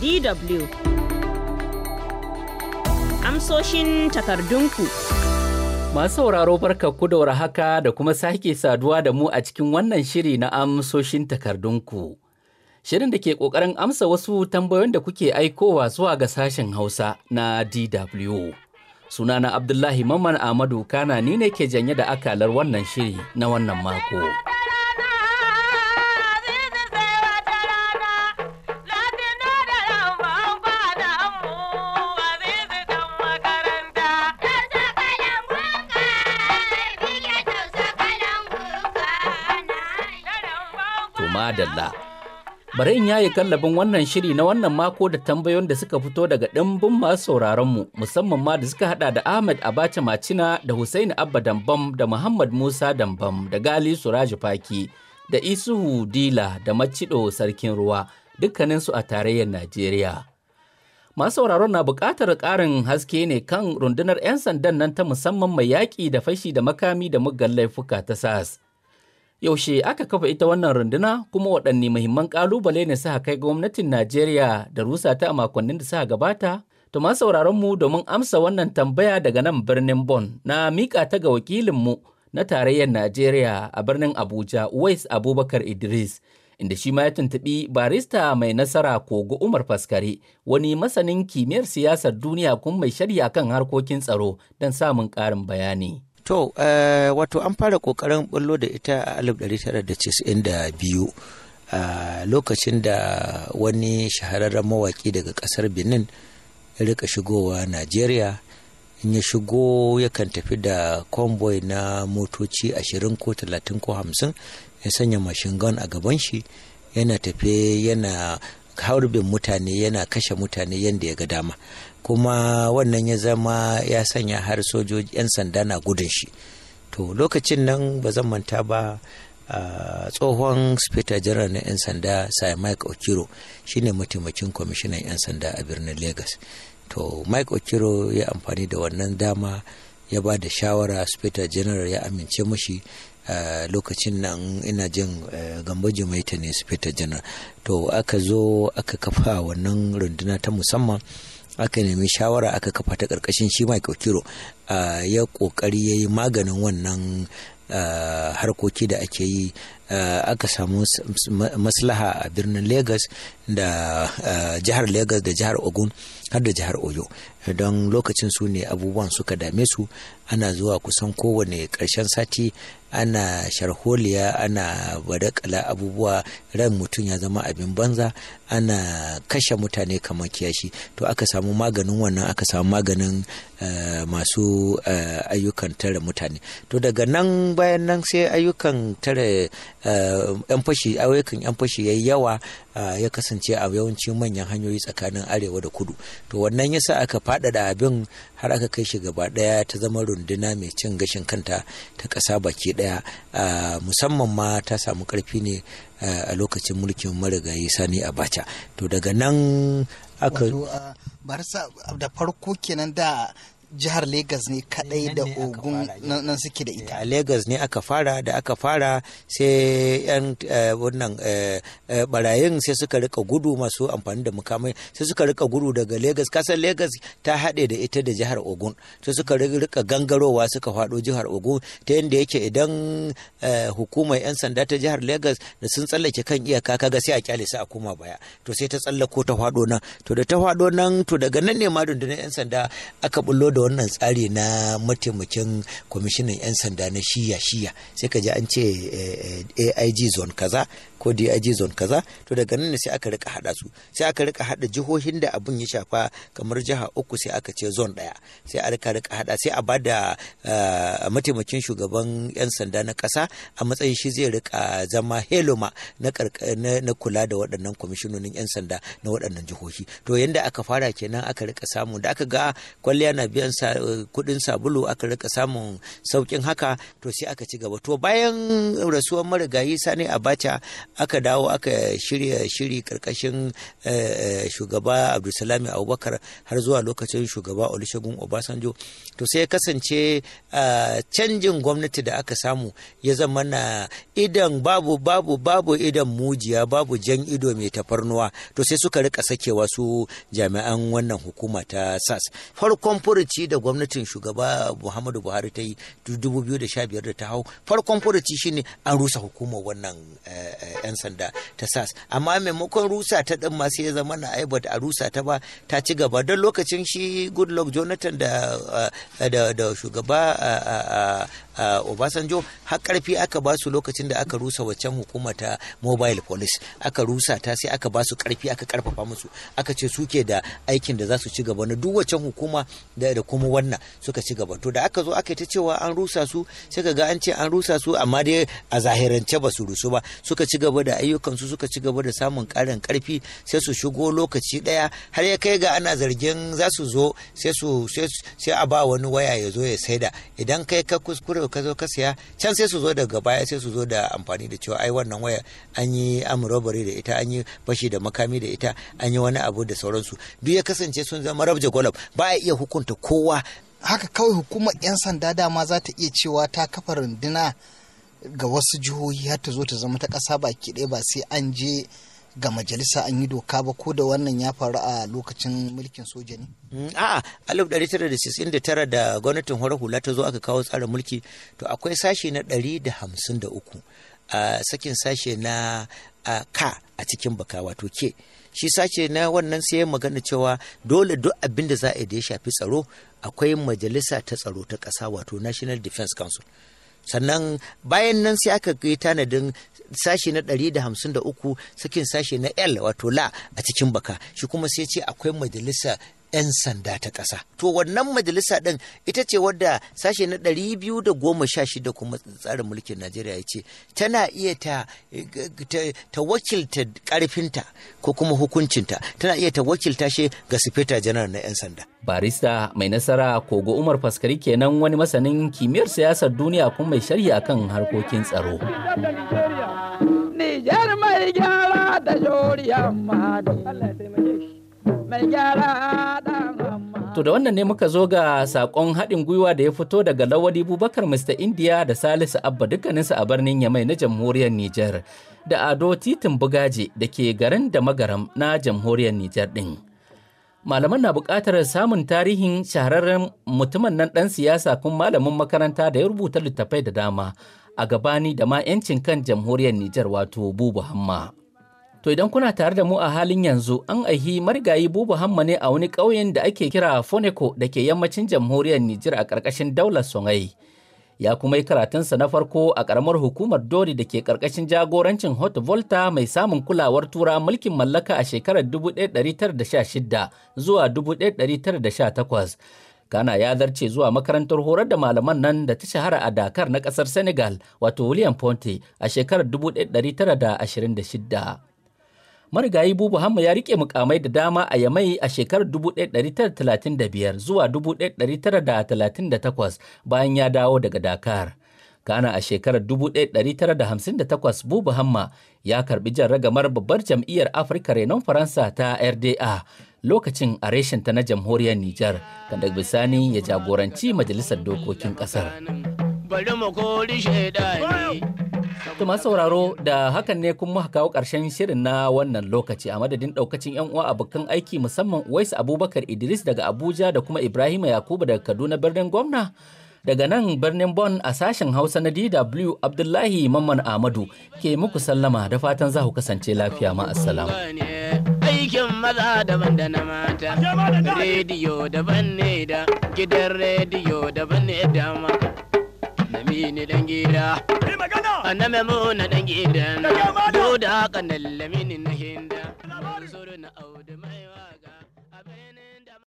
DW. Amsoshin takardunku. Masu sauraro ku da haka da kuma sake saduwa da mu a cikin wannan shiri na amsoshin takardunku. Shirin da ke ƙoƙarin amsa wasu tambayoyin da kuke aikowa zuwa ga sashen Hausa na DW. Sunana Abdullahi Mamman Ahmadu Kana ni ne ke janye da akalar wannan shiri na wannan mako. madalla. Bari in yayi kallabin wannan shiri na wannan mako da tambayoyin da suka fito daga ɗimbin masu sauraronmu musamman ma da suka hada da Ahmed Abacha Macina da Hussein Abba Dambam da Muhammad Musa Dambam da Gali Suraji Faki da Isuhu Dila da Macido Sarkin Ruwa dukkaninsu a tarayyar Najeriya. Masu sauraron na buƙatar ƙarin haske ne kan rundunar 'yan sandan nan ta musamman mai yaƙi da fashi da makami da muggan laifuka ta SAS. Yaushe aka kafa ita wannan runduna kuma waɗanne muhimman ƙalubale ne suka kai gwamnatin Najeriya da rusa ta a makonnin da suka gabata? To ma sauraron mu domin amsa wannan tambaya daga nan birnin Bon na mika ta ga wakilinmu na tarayyar Najeriya a birnin Abuja Uwais Abubakar Idris. Inda shi ma ya tuntuɓi barista mai nasara Kogo Umar Faskare, wani masanin kimiyyar siyasar duniya kuma mai shari'a kan harkokin tsaro don samun ƙarin bayani. To, uh, wato an fara kokarin bullo da ita a 1992 a eh, lokacin da wani shahararren mawaƙi daga ƙasar Benin ya rika shigowa Najeriya. In ya shigo yakan tafi da convoy na motoci 20 ko 30 ko 50 ya sanya mashin gun a gaban shi yana tafe yana harbin mutane yana kashe mutane yadda ya ga dama kuma wannan ya zama ya sanya har sojoji 'yan sanda na gudun shi to lokacin nan ba zan manta ba tsohon spita jiran na 'yan sanda sai mike okiro shine mataimakin kwamishinan 'yan sanda a birnin lagos to mike okiro ya amfani da wannan dama ya ba da shawara spita general ya amince mashi lokacin nan ina jin eh, gambo jumaita ne su fita janar to aka zo aka kafa wannan runduna ta musamman aka nemi shawara aka kafa ta karkashin shi mai kokiro ya kokari ya yi maganin wannan eh, harkoki da ake yi Eh, aka samu maslaha a birnin Legas da eh, jihar Legas da jihar Ogun har da jihar Oyo eh, don lokacin su ne abubuwan suka dame su ana zuwa kusan kowane karshen sati ana sharholiya ana badakala abubuwa ran mutum ya zama abin banza ana kashe mutane kamar kiyashi to aka samu maganin wannan aka samu maganin masu ayyukan tare mutane to daga nan bayan nan sai ayyukan tare Eh, yan fashi ya yan fashi ya yawa eh, ya kasance a yawancin manyan hanyoyi tsakanin arewa da kudu to wannan yasa aka faɗaɗa abin har aka kai shi gaba ɗaya ta zama runduna mai cin gashin kanta ta ƙasa baki ɗaya eh, musamman ma ta samu ƙarfi ne a lokacin mulkin marigayi sani abacha to daga nan aka da farko kenan da jihar Legas ne kadai da Ogun nan suke da ita. Eh, Legas ne aka fara da aka fara sai yan eh, wannan eh, barayin sai suka rika gudu masu amfani da mukamai sai suka rika gudu daga Legas kasar Legas ta haɗe da ita da jihar Ogun sai suka rika gangarowa suka faɗo jihar Ogun ta yadda yake idan hukumar yan sanda ta jihar Legas da sun tsallake kan iyaka kaga sai a kyale su a koma baya to sai ta tsallako ta faɗo nan to da ta faɗo nan to daga nan ne ma rundunar yan sanda aka bullo da da wannan tsari na mataimakin kwamishinan 'yan sanda na shiya shiya sai ka ji an ce eh, eh, aig zone kaza ko DIG zone kaza to daga nan ne sai aka rika hada su sai aka rika hada jihohin da abun ya shafa kamar jiha uku sai aka ce zone daya sai aka rika hada sai a bada eh, mataimakin shugaban yan sanda na kasa a matsayin shi zai rika zama heloma na na kula da waɗannan kwamishinonin yan sanda na waɗannan jihohi to yanda aka fara kenan aka rika samu da aka ga kwalliya na biyan kuɗin sabulu aka rika samun saukin haka to sai aka ci gaba to bayan rasuwar marigayi sani abacha aka dawo aka shirya shiri karkashin eh, eh, shugaba abdulsalami abubakar har zuwa lokacin shugaba olusegun obasanjo to sai kasance ah, canjin gwamnati da aka samu ya zama na idan babu babu babu idan mujiya babu jan ido mai tafarnuwa to sai suka rika sakewa su jami'an wannan hukuma ta sas farkon furuci da gwamnatin shugaba muhammadu buhari ta yi 2015 da ta hau farkon furuci shine an rusa hukumar wannan eh, 'yan sanda ta sas amma maimakon rusa ta din ma sai ya zama na ai bata rusa ta ba ta ci gaba don lokacin shi goodluck jonathan da eh, da shugaba eh, eh, obasanjo har karfi aka ba su lokacin da aka rusa waccan hukuma ta mobile police aka rusa ta sai aka ba su karfi aka karfafa musu aka ce suke da aikin da za su ci gaba na duk waccan hukuma da kuma wannan suka ci gaba to da aka zo aka yi ta cewa an rusa su sai ga an ce an rusa su amma dai a zahirance ba su rusu ba suka ci gaba gaba da ayyukansu suka ci gaba da samun karin karfi sai su shigo lokaci daya har ya kai ga ana zargin za su zo sai su sai a ba wani waya ya zo ya saida idan kai ka kuskure ka zo ka saya can sai su zo daga baya sai su zo da amfani da cewa ai wannan waya an yi amurabari da ita an yi bashi da makami da ita an yi wani abu da sauransu duk ya kasance sun zama rabja golab ba a iya hukunta kowa haka kawai hukumar 'yan sanda dama za ta iya cewa ta kafa runduna ga wasu jihohi har ta zo ta zama ta ƙasa baki ɗaya ba sai an je ga majalisa an yi doka ba ko da wannan ya faru a lokacin mulkin soja ne? Mm, a'a, alif ɗari tara da sisin da tara da gwamnatin horar hula ta zo aka kawo tsarin mulki to akwai sashe na ɗari da hamsin da uku a sakin sashe na ka a cikin baka wato ke. Shi sashe na wannan sai magana cewa dole duk abin da za a da ya shafi tsaro akwai majalisa ta tsaro ta ƙasa wato National Defense Council. sannan bayan nan sai aka yi tanadin sashi na ɗari da da hamsin uku sakin sashi na l wato la a cikin baka shi kuma sai ce akwai majalisa 'yan sanda ta ƙasa. To wannan majalisa ɗin ita ce wadda sashe na ɗari biyu da goma sha shida kuma tsarin mulkin Najeriya ya ce tana iya ta, ta, wakilta ƙarfinta ko kuma hukuncinta tana iya ta wakilta shi ga sifeta janar na 'yan sanda. Barista mai nasara Kogo Umar Faskari kenan wani masanin kimiyyar siyasar duniya kuma mai sharhi akan harkokin tsaro. Nijar mai gyara da joriyar mahadi. To da wannan ne muka zo ga sakon haɗin gwiwa da ya fito daga Lawali Bubakar Mr. India da Salisu Abba dukkaninsu a birnin Yamai na jamhuriyar Nijar da Ado Titin Bugaje da ke garin da magaram na jamhuriyar Nijar ɗin. Malaman na buƙatar samun tarihin shahararren mutumin nan ɗan siyasa kun malamin makaranta da ya rubuta littattafai da dama a gabani da ma 'yancin kan jamhuriyar Nijar wato Bubu Hamma. To idan kuna tare da mu a halin yanzu an aihi marigayi Bubu Hamma ne a wani ƙauyen da ake kira Foneko da ke yammacin jamhuriyar Nijar a ƙarƙashin daular Songai. Ya kuma yi karatunsa na farko a ƙaramar hukumar Dori da ke ƙarƙashin jagorancin Hot Volta mai samun kulawar tura mulkin mallaka a shekarar 1916 zuwa 1918. Ghana ya zarce zuwa makarantar horar da malaman nan da ta shahara a Dakar na ƙasar Senegal wato William Ponte a shekarar 1926. marigayi bubu hamma ya rike mukamai da dama a yamai a shekarar 1935 zuwa 1938 bayan ya dawo daga dakar Kana a shekarar 1958 Bubu Hamma ya karbi jan ragamar babbar jam'iyyar Afirka renon Faransa ta RDA lokacin a ta na jamhuriyar Nijar, kan daga bisani ya jagoranci majalisar dokokin kasar. Bari mu masu sauraro da hakan ne kun muka kawo ƙarshen shirin na wannan lokaci a madadin ɗaukacin 'yan uwa abokan aiki musamman Waisu Abubakar Idris daga Abuja da kuma ibrahim Yakubu daga Kaduna birnin gwamna. Daga nan birnin Bon a sashen Hausa na DW Abdullahi Mamman Ahmadu ke muku sallama da fatan za ku kasance lafiya ma aikin maza daban da na mata rediyo daban ne da gidan rediyo daban ne da mata yi ni dan gida. Yi Ana memu na dan gida. da kanan lamini na hinda. Zuru na audu mai waga.